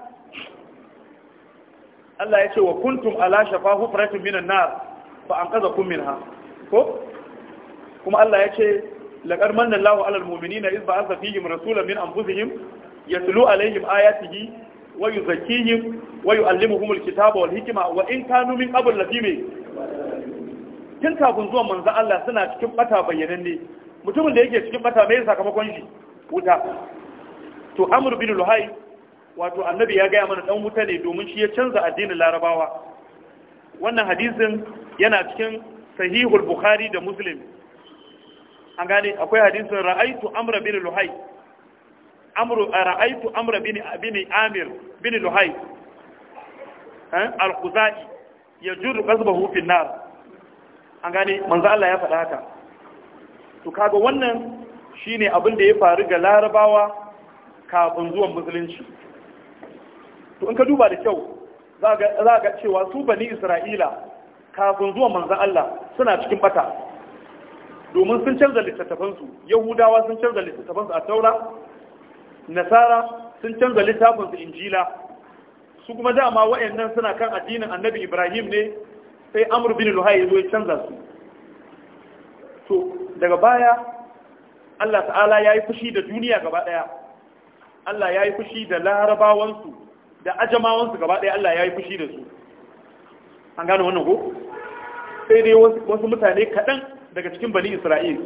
Allah ya ce wa kuntum ala shafahu hufratun minan nar fa an kaza kun ha, ko kuma Allah ya ce laƙar manna Allahu alal mu'minina iz ba'atha fihim rasulan min ya yatlu alaihim ayatihi wa yuzakkihim wa yu'allimuhum alkitaba wal hikma wa in kanu min qabl ladimi Kin kafin zuwan manzo Allah suna cikin bata bayyananne mutumin da yake cikin bata mai sakamakon shi wuta to amr bin luhai wato annabi ya gaya mana dan wuta ne domin shi ya canza addinin larabawa wannan hadisin yana cikin sahihul bukhari da muslim an gane akwai hadisin ra'aitu amra bin luhai amru ra'aitu amra bin bin amir bin luhai eh, al-khuzai yajuru qasbahu fi nar an gane manzo Allah ya faɗa haka to kaga wannan shine abin da ya faru ga larabawa kafin zuwan musulunci to in ka duba da kyau za ga cewa su bani isra'ila kafin zuwa manzan Allah suna cikin bata domin sun canza littattafansu yahudawa sun canza littattafansu a taura nasara sun canza littafinsu injila su kuma dama wa'annan suna kan addinin annabi ibrahim ne sai amur bin luhai ya zo ya canza su to daga baya Allah ta'ala ya yi fushi da duniya gaba ɗaya Allah ya yi fushi da larabawansu da ajamawansu gaba ɗaya Allah ya yi fushi da su an gano wannan ko sai dai wasu mutane kaɗan daga cikin bani isra'il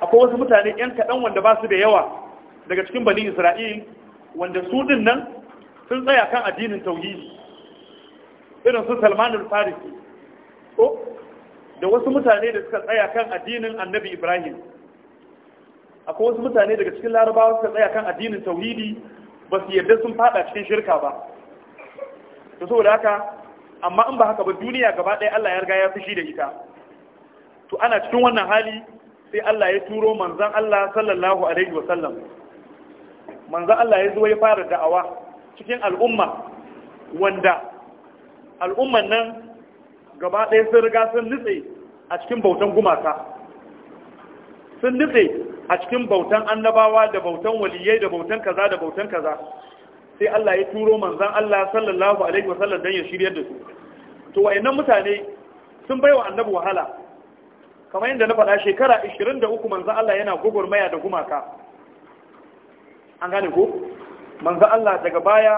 akwai wasu mutane 'yan kaɗan wanda ba su da yawa daga cikin bani isra'il wanda su ɗin nan sun tsaya kan addinin tauhidi irin su salmanin farisi ko da wasu mutane da suka tsaya kan addinin annabi ibrahim akwai wasu mutane daga cikin larabawa suka tsaya kan addinin tauhidi ba su yarda sun fada cikin shirka ba to saboda haka amma in ba haka ba duniya gaba ɗaya Allah ya riga ya fushi da ita to ana cikin wannan hali sai Allah ya turo manzon Allah sallallahu alaihi wa sallam manzon Allah ya zo ya fara da'awa cikin al'umma wanda al'umman nan gaba ɗaya sun riga sun nutse a cikin bautan gumaka sun nutse a cikin bautan annabawa da bautan waliyai da bautan kaza da bautan kaza sai Allah ya turo manzan Allah sallallahu alaihi wasallam dan ya shiryar da su to wayannan mutane sun baiwa annabi wahala kamar yadda na faɗa shekara 23 manzan Allah yana maya da gumaka an gane ko manzan Allah daga baya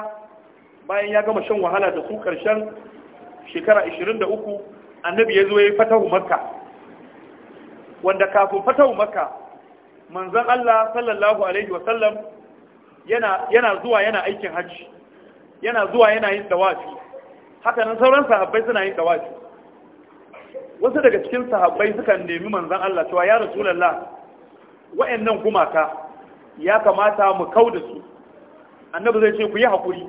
bayan ya gama shan wahala da su karshen shekara 23 annabi ya zo ya yi fatahu makka wanda kafin fatahu makka manzan Allah sallallahu alaihi wasallam yana zuwa yana aikin hajji yana zuwa yana yin dawafi haka nan sauran sahabbai suna yin dawafi wasu daga cikin sahabbai suka nemi manzon Allah cewa ya rasulullah wa'annan gumaka ya kamata mu kau da su annabi zai ce ku yi hakuri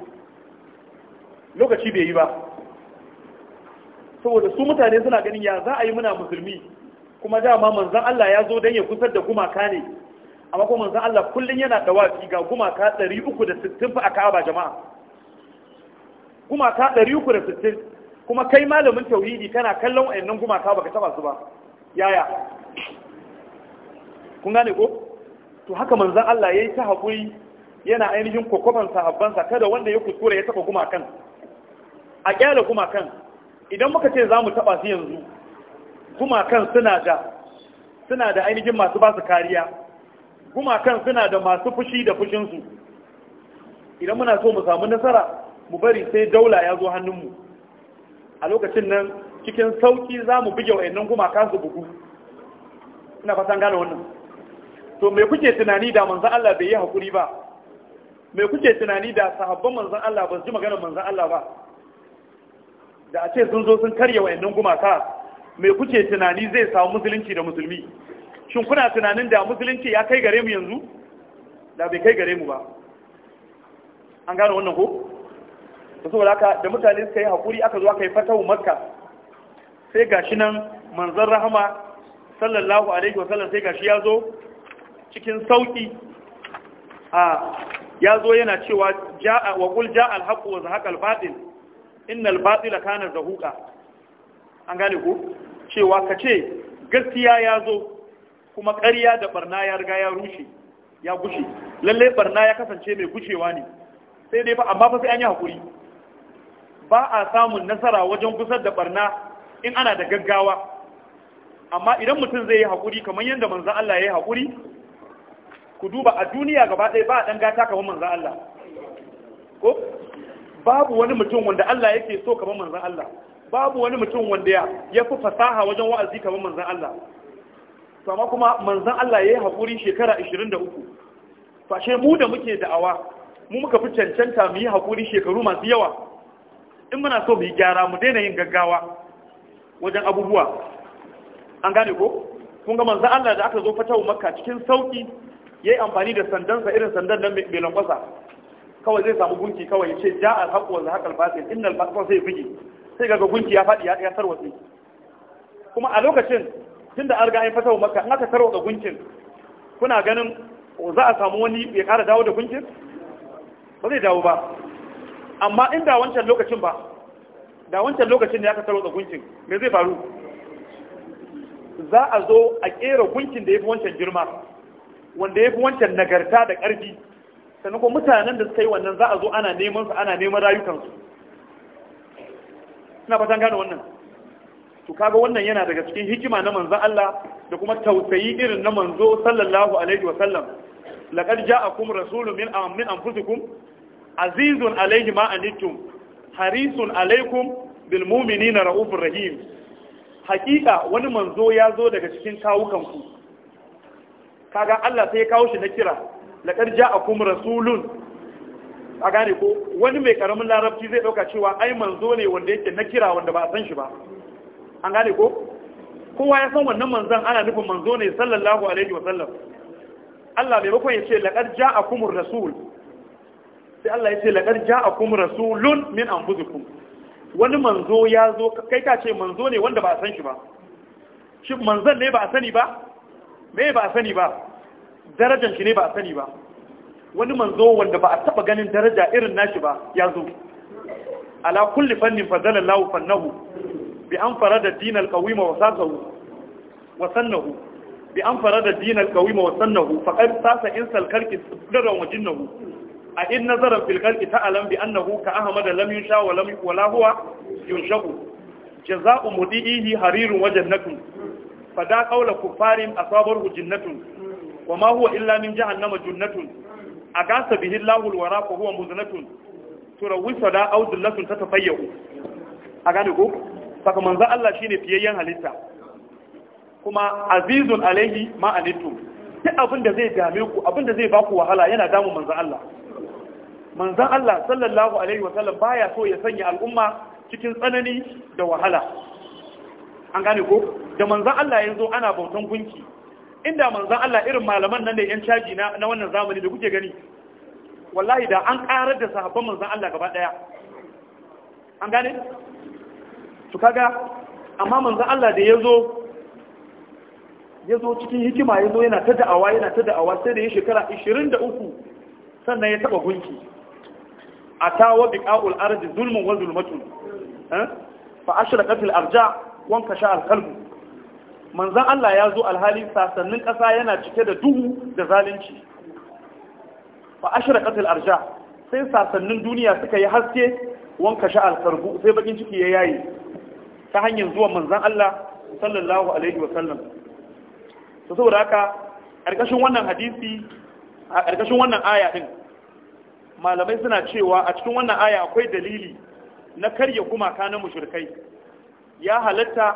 lokaci bai yi ba saboda su mutane suna ganin ya za a yi muna musulmi kuma dama manzon Allah ya zo don ya kusar da gumaka ne amma ko manzon Allah kullun yana da wafi ga gumaka 360 fa a Ka'aba jama'a gumaka 360 kuma kai malamin tauhidi kana kallon wayannan gumaka baka taba su ba yaya kun gane ko to haka manzon Allah yayi ta hakuri yana ainihin kokoban sa kada wanda ya kusura ya taba gumakan a kyale gumakan idan muka ce za mu taba su yanzu gumakan suna da suna da ainihin masu ba su kariya gumakan suna da masu fushi da fushinsu idan muna so mu samu nasara mu bari sai daula ya zo hannunmu a lokacin nan cikin sauki za mu buge wa yannan gumakan su bugu ina fasan gane wannan to me kuke tunani da manzan Allah bai yi hakuri ba me kuke tunani da sahabban manzan Allah ba su ji maganar manzan Allah ba da a ce sun zo sun karya yannan gumaka me kuke tunani zai samu musulunci da musulmi shin kuna tunanin da musulunci ya kai gare mu yanzu da bai kai gare mu ba an gano wannan ko da saboda haka da mutane suka yi hakuri aka zo aka yi fatawu makka sai gashi nan manzon rahama sallallahu alaihi wasallam sai gashi ya zo cikin sauki a ya zo yana cewa ja'a wa qul ja'a al wa zahaqa al-batil innal batila kana zahuqa an gane ko cewa kace gaskiya ya zo kuma ƙarya da barna ya riga ya rushe ya gushe lalle barna ya kasance mai gushewa ne sai dai fa amma fa sai an yi hakuri ba a samun nasara wajen gusar da barna in ana da gaggawa amma idan mutum zai yi hakuri kamar yadda manzan Allah ya yi hakuri ku duba a duniya gaba ɗaya ba a ɗan gata kamar manzan Allah ko babu wani mutum wanda Allah yake so kamar manzan Allah babu wani mutum wanda ya fi fasaha wajen wa'azi kamar manzan Allah Sama kuma manzon Allah ya yi haƙuri shekara 23 fashe mu da muke da'awa mu muka fi cancanta mu yi haƙuri shekaru masu yawa in muna so mu yi gyara mu daina yin gaggawa wajen abubuwa an gane ko kun ga manzan Allah da aka zo wa makka cikin sauki yi amfani da sandansa irin sandan nan mai lankwasa kawai zai samu gunki kawai ya ce ja'al haqqu wa zahaqal fasil innal fasil sai fiji sai ga gunki ya faɗi ya tarwatsi kuma a lokacin da an riga fasa wa maka an aka ga gunkin kuna ganin za a samu wani ya ƙara dawo da gunkin ba zai dawo ba amma inda wancan lokacin ba da wancan lokacin da aka ga gunkin me zai faru za a zo a ƙera gunkin da ya fi wancan girma wanda ya fi wancan nagarta da ƙarfi sannan kuma mutanen da suka yi wannan za a zo ana neman su ana neman rayukansu ina fatan gane wannan to kaga wannan yana daga cikin hikima na manzo Allah da kuma tausayi irin na manzo sallallahu alaihi wa sallam laqad ja'akum rasulun min min anfusikum azizun alaihi ma anittum harisun alaikum bil mu'minina raufur rahim hakika wani manzo ya zo daga cikin kawukan ku kaga Allah sai ya kawo shi na kira laqad ja'akum rasulun a gane ko wani mai karamin larabci zai dauka cewa ai manzo ne wanda yake na kira wanda ba a san shi ba an gane ko kowa ya san wannan manzan ana nufin manzo ne sallallahu alaihi wa sallam Allah bai bakon ya ce laqad ja'akumur rasul sai Allah ya ce laqad ja'akum rasulun min anfusikum wani manzo ya zo kai ka ce manzo ne wanda ba a san shi ba shi manzon ne ba a sani ba me ba a sani ba darajar shi ne ba a sani ba wani manzo wanda ba a taba ganin daraja irin nashi ba ya zo ala kulli fannin fadalallahu fannahu bi an fara da dinar kawima wa sannahu bi an fara da dinar kawima wa nahu a in nazarar filkarki ta alam bi annahu ka ahmad da lam yunsha wa lam wala huwa yunshahu jaza'u mudihi harirun wajen nakun fada qawla kuffarin asabahu jinnatun wa ma huwa illa agasa bihi Allahul wara fa huwa da saka manzo Allah shine fiyayyen halitta kuma azizun alaihi ma anitum duk abin da zai dame ku abin da zai ba ku wahala yana damu manzo Allah manzo Allah sallallahu alaihi wa sallam baya so ya sanya al'umma cikin tsanani da wahala an gane ko da manzo Allah yanzu ana bautan gunki inda manzo Allah irin malaman nan da yan caji na na wannan zamani da kuke gani wallahi da an karar da sahabban manzo Allah gaba daya an gane su kaga amma manzan Allah da ya zo ya zo cikin hikima ya zo yana ta da'awa yana ta da'awa sai da ya shekara 23 sannan ya taba gunki a tawa biqa'ul arzi zulmun wa zulmatun eh? fa ashraqat al arja wan kasha alkalbu manzan Allah ya zo alhali sasannin kasa yana cike da duhu da zalunci fa ashraqat al arja sai sasannin duniya suka yi haske wan kasha alkalbu sai bakin ciki ya yayi ta hanyar zuwa manzan Allah sallallahu alaihi wasallam to saboda haka ƙarƙashin wannan hadisi a ƙarƙashin wannan aya din malamai suna cewa a cikin wannan aya akwai dalili na karya gumaka na mushrikai ya halatta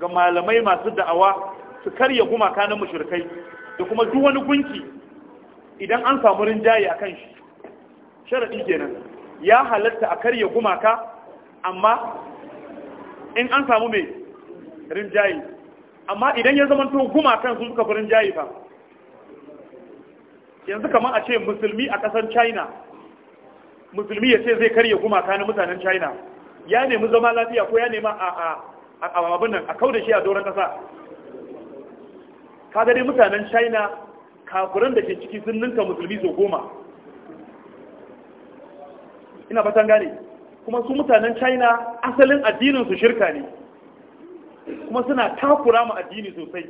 ga malamai masu da'awa su karya gumaka na mushrikai da kuma duk wani gunki idan an samu rinjaye a kan shi sharaɗi kenan ya halatta a karya gumaka amma in an samu mai rinjayi, amma idan ya zama tun gumakan sun suka fi rinjaye ba yanzu kamar a ce musulmi a kasar china musulmi ya ce zai karya gumaka na mutanen china ya nemi zama lafiya ko ya nema a abin nan a kauda shi a doron ƙasa Ka gani mutanen china kafiran da ke ciki sun ninka musulmi so goma ina fatan gane kuma su mutanen china asalin addinin su shirka ne kuma suna takura mu addini sosai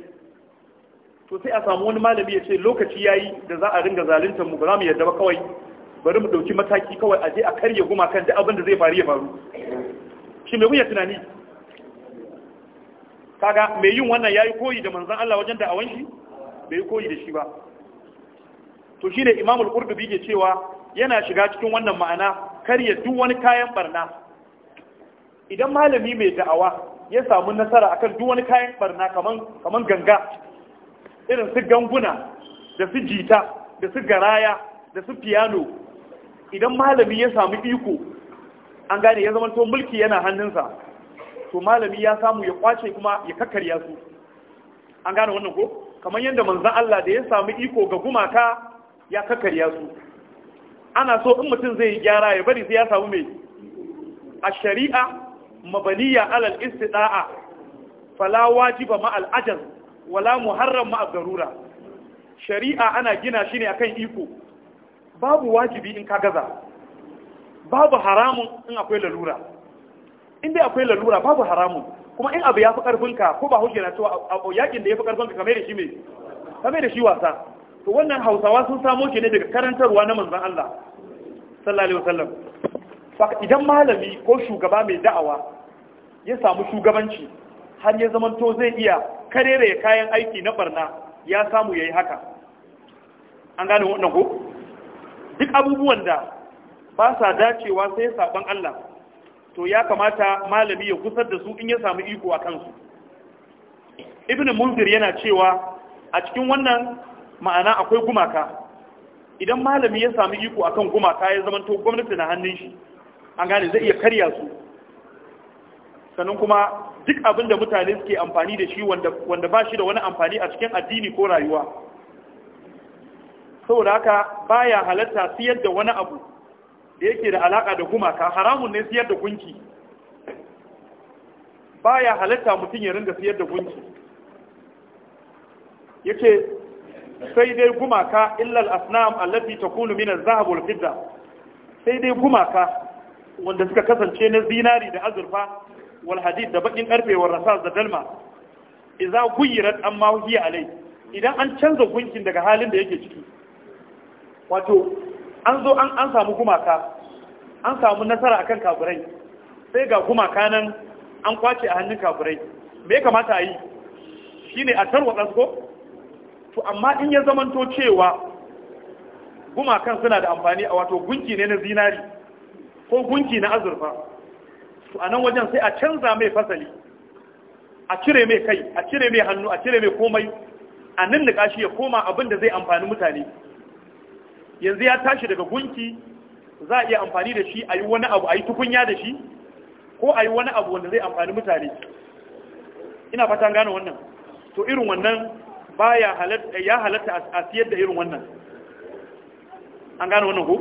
to sai a samu wani malami ya ce lokaci yayi da za a ringa zaluntar mu ba za mu yarda ba kawai bari mu dauki mataki kawai a je a karya kan duk abin da zai faru ya faru shi mai kuya tunani kaga mai yin wannan yayi koyi da manzon Allah wajen da awan shi bai koyi da shi ba to shine Imam imamul qurtubi ke cewa yana shiga cikin wannan ma'ana karya duk wani kayan barna idan malami mai da'awa ya samu nasara akan duk wani kayan barna kaman ganga irin su ganguna da su jita da su garaya da su piano idan malami ya samu iko an gane ya zama to mulki yana hannunsa to malami ya samu ya kwace kuma ya kakkarya su an gane wannan ko kamar yadda manzan Allah da ya samu iko ga gumaka ya kakkarya su ana so in mutum zai yi gyara ya bari sai ya samu mai a shari'a mabaniya alal istida'a fala wajiba ma al ajal wala muharram ma garura. shari'a ana gina shi ne akan iko babu wajibi in ka gaza babu haramun in akwai lalura in dai akwai lalura babu haramun kuma in abu ya fi karfinka ko ba hujjana cewa yakin da ya fi karfinka kamar da shi mai kamar da shi wasa to wannan hausawa sun samo shi ne daga karantarwa na Manzan Allah sallallahu wasallam idan malami ko shugaba mai da'awa ya samu shugabanci har ya zamanto zai iya karere kayan aiki na barna ya samu yayi haka an gane wannan ko duk abubuwan da ba sa dacewa sai sabon Allah to ya kamata malami ya kusar da su in ya samu iko a kansu ibn munzir yana cewa a cikin wannan ma'ana akwai gumaka idan malami ya sami iko akan gumaka ya zama to gwamnati na hannun shi an gane zai iya karya su sannan kuma duk abin da mutane suke amfani da shi wanda ba shi da wani amfani a cikin addini ko rayuwa saboda haka baya halatta siyar da wani abu da yake da alaka da gumaka haramun ne siyar da gunki baya halatta mutum ya ringa siyar da gunki yace sai dai gumaka illal asnam allati takunu min az-zahab wal fidda sai dai gumaka wanda suka kasance na zinari da azurfa wal hadid da bakin karfe wal rasas da dalma idza guyirat amma hiya alai idan an canza gunkin daga halin da yake ciki wato an zo an an samu gumaka an samu nasara akan kafirai sai ga gumaka nan an kwace a hannun kafirai me ya kamata a yi shine a tarwatsa ko to amma in ya zamanto cewa gumakan suna da amfani a wato gunki ne na zinari ko gunki na azurfa to a nan wajen sai a canza mai fasali a cire mai kai a cire mai hannu a cire mai komai a nannuka kashi ya koma abin da zai amfani mutane yanzu ya tashi daga gunki za a iya amfani da shi a yi wani abu a yi tukunya da shi ko a yi wani abu wanda zai amfani mutane ina fatan gane wannan to irin wannan baya halatta ya halatta a siyar da irin wannan an gane wannan ko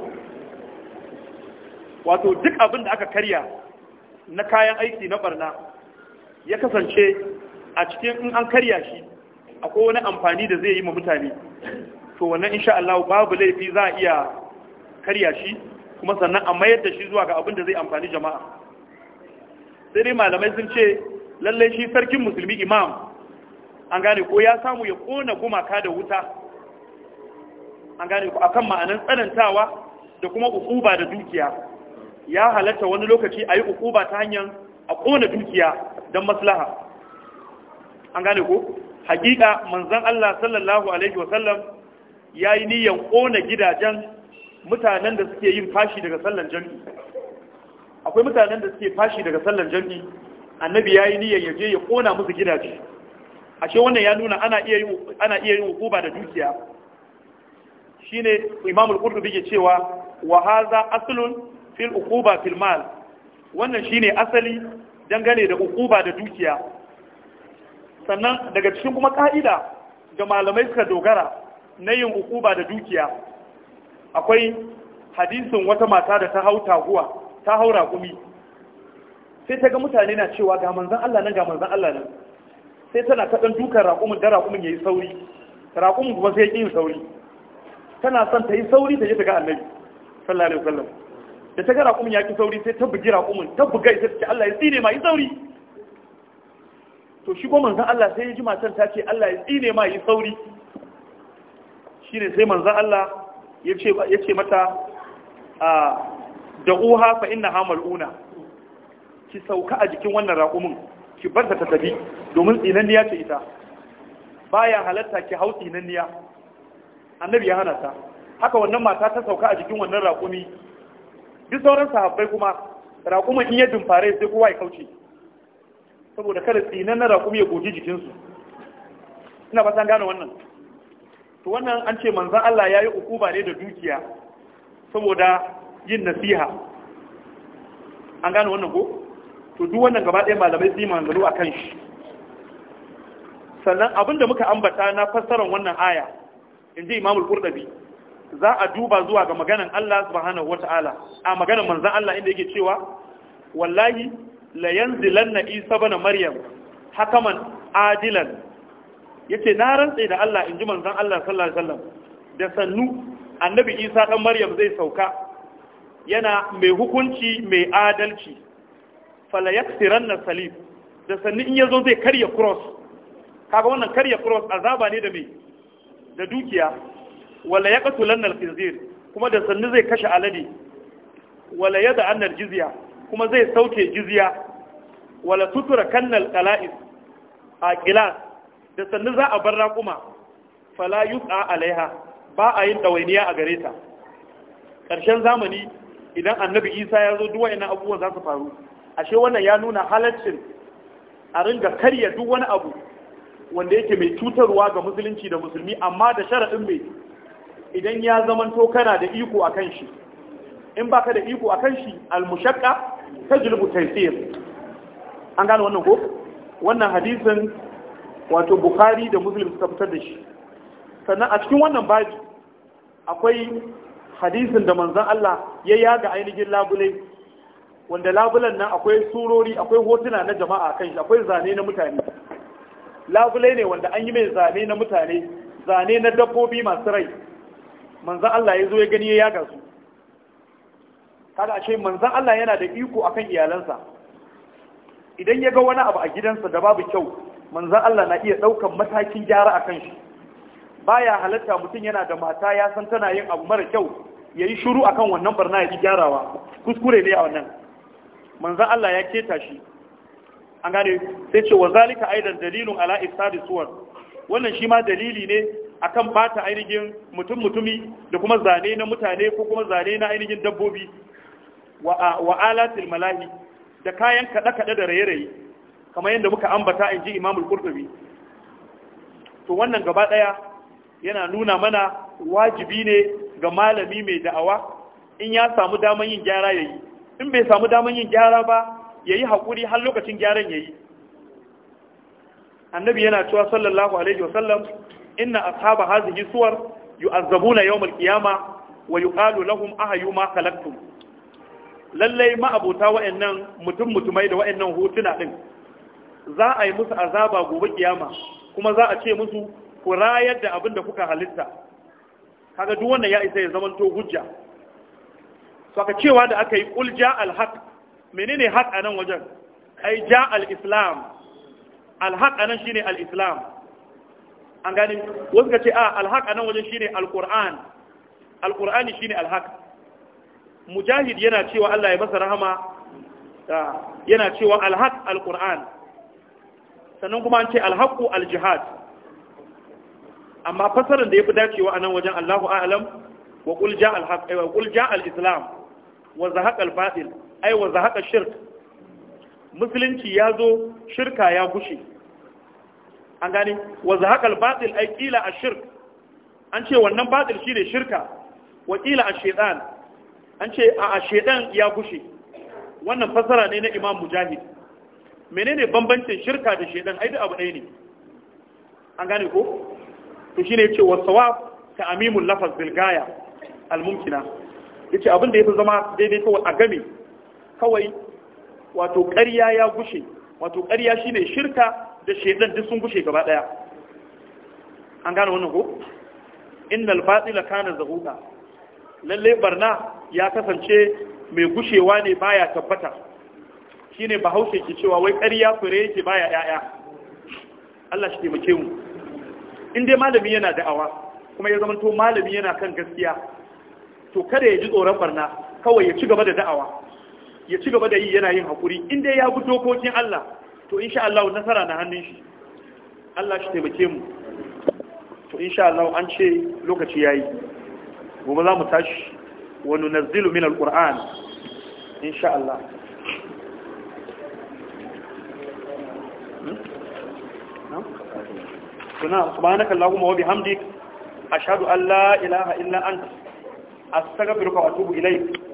wato duk abin da aka karya na kayan aiki na barna ya kasance a cikin in an karya shi akwai wani amfani da zai yi ma mutane to wannan insha Allah babu laifi za a iya karya shi kuma sannan a mayar da shi zuwa ga abin da zai amfani jama'a sai dai malamai sun ce lallai shi sarkin musulmi imam an gane ko ya samu ya kona gumaka da wuta an gane ko akan ma'anan tsanantawa da kuma ukuba da dukiya ya halatta wani lokaci a yi ukuba ta hanyar a kona dukiya don maslaha an gane ko hakika manzan Allah sallallahu alaihi wasallam ya yi niyan kona gidajen mutanen da suke yin fashi daga sallan jami'i akwai mutanen da suke fashi daga sallan jami'i annabi ya yi niyan yaje ya kona musu gidaje ashe wannan ya nuna ana iya yin ana da dukiya shine Imam al-Qurtubi ke cewa wahaza hadha aslun fil uquba fil mal wannan shine asali dangane da hukuba da dukiya sannan daga cikin kuma ka'ida ga malamai suka dogara na yin hukuba da dukiya akwai hadisin wata mata da ta hau taguwa ta haura kumi sai ta ga mutane na cewa ga manzon Allah nan ga manzon Allah nan sai tana ta ɗan dukan raƙumin da raƙumin ya yi sauri raƙumin kuma sai ya yin sauri tana son ta yi sauri ta je ta ga annabi sallallahu alaihi wasallam da ta ga raƙumin ya ki sauri sai ta bugi raƙumin ta buga ita ta ce Allah ya tsine ma yi sauri to shi ko manzon Allah sai ya ji matan ta ce Allah ya tsine ma yi sauri shine sai manzon Allah ya ce ya ce mata a da uha fa innaha mal'una ki sauka a jikin wannan raƙumin ki bar ta tafi domin tsinanniya ce ita baya halatta ki hau tsinanniya annabi ya hana ta haka wannan mata ta sauka a jikin wannan raƙumi duk sauran sahabbai kuma raƙumin in ya dumfare sai kowa ya kauce saboda kada tsinan na raƙumi ya goji jikinsu ina fatan gane wannan to wannan an ce manzon Allah ya yi ukuba ne da dukiya saboda yin nasiha an gane wannan ko to duk wannan gaba ɗaya malamai su yi maganganu a kan shi sannan abin da muka ambata na fassarar wannan aya in ji imamul kurdabi za a duba zuwa ga maganan Allah subhanahu wata'ala a maganan manzan Allah inda yake cewa wallahi la yanzilanna isa bana maryam hakaman adilan yace na rantse da Allah in ji manzan Allah sallallahu alaihi wasallam da sannu annabi isa dan maryam zai sauka yana mai hukunci mai adalci falayaksiran na salif da sannu in ya zo zai karya cross kaga wannan karya cross azaba ne da mai da dukiya wala ya kasu lannar alfinzir kuma da sannu zai kashe alade wala ya da annar jizya kuma zai sauke jizya wala tutura kannal kala'is a kilas da sannu za a bar raƙuma fala a alaiha ba a yin ɗawainiya a gare ta ƙarshen zamani idan annabi isa ya zo duwa ina abubuwan za su faru ashe wannan ya nuna halaccin a ringa karya duk wani abu wanda yake mai cutarwa ga musulunci da musulmi amma da sharaɗin mai idan ya to kana da iko a kan shi in ba ka da iko a kan shi almushakka ta jilbu taisir an gane wannan ko wannan hadisin wato bukhari da muslim su tabbatar da shi sannan a cikin wannan baji akwai hadisin da manzan Allah ya yaga ainihin labulai wanda labulan nan akwai surori akwai hotuna na jama'a kan shi akwai zane na mutane labule ne wanda an yi mai zane na mutane zane na dabbobi masu rai manzan Allah ya zo ya gani ya yaga su kada ce manzan Allah yana da iko akan iyalansa idan ya ga wani abu a gidansa da babu kyau manzan Allah na iya ɗaukan matakin gyara akan shi baya halatta mutum yana da mata ya san tana yin abu mara kyau ya yi shuru akan wannan barna ya gyarawa kuskure ne a wannan manzan Allah ya keta shi an gane sai ce wa zalika aidan dalilun ala isadi suwar wannan shi ma dalili ne akan bata ainihin mutum mutumi da kuma zane na mutane ko kuma zane na ainihin dabbobi wa alatil malahi da kayan kada kada da raye-raye kamar yadda muka ambata in ji imamul qurtubi to wannan gaba daya yana nuna mana wajibi ne ga malami mai da'awa in ya samu daman yin gyara yayi in bai samu daman yin gyara ba ya yi haƙuri har lokacin gyaran ya yi annabi yana cewa sallallahu alaihi wasallam inna ashaba hazihi suwar yu'azzabuna yawmal qiyama wa yuqalu lahum ahayu ma khalaqtum lallai ma'abuta wa'annan mutum mutumai da wa'annan hotuna din za a yi musu azaba gobe kiyama kuma za a ce musu ku rayar da abin da kuka halitta kaga duk wannan ya isa ya zamanto hujja saka cewa da aka yi ƙulja alhaƙ, menene haƙ a nan wajen ai ja al-islam alhaq a nan shine al-islam an gani wasu ka ce a ah, alhaƙ a nan wajen shine al-qur'an al-qur'ani shine alhaƙ. mujahid yana cewa Allah ya masa rahama yana cewa alhaƙ al-qur'an sannan kuma an ce alhaƙu al-jihad amma fasarin da ya fi dacewa a nan wajen Allahu a'lam wa ƙulja ja al-haq eh, al wa zahaqa al ai wa zahaqa shirk musulunci ya zo shirka ya gushe an gane wa zahaqa al ai ƙila a shirk an ce wannan shi ne shirka wa qila ash-shaytan an ce a ash-shaytan ya gushe wannan fassara ne na Imam Mujahid menene bambancin shirka da shaytan ai abu ɗaya ne an gane ko to ne yace wa sawab ta amimul lafaz Bilgaya, gaya al mumkina yace abin da yafi zama daidai kawai a game kawai wato ƙarya ya gushe wato ƙarya shine shirka da shedan duk sun gushe gaba daya an gane wannan ko innal batila kana zahuka lalle barna ya kasance mai gushewa ne baya tabbata shine bahaushe ke cewa wai ƙarya fure yake baya yaya Allah shi taimake mu in dai malami yana da'awa kuma ya zama to malami yana kan gaskiya to kada ya ji tsoron barna kawai ya ci gaba da da'awa ya ci gaba da yi yana yin haƙuri. in dai ya bi dokokin Allah to insha Allah nasara na hannun shi Allah shi taimake mu to insha Allah an ce lokaci yayi gobe za mu tashi wa nunazzilu min alquran insha Allah سبحانك اللهم وبحمدك أشهد أن لا إله إلا أنت astagfiruka wa atubu ilayk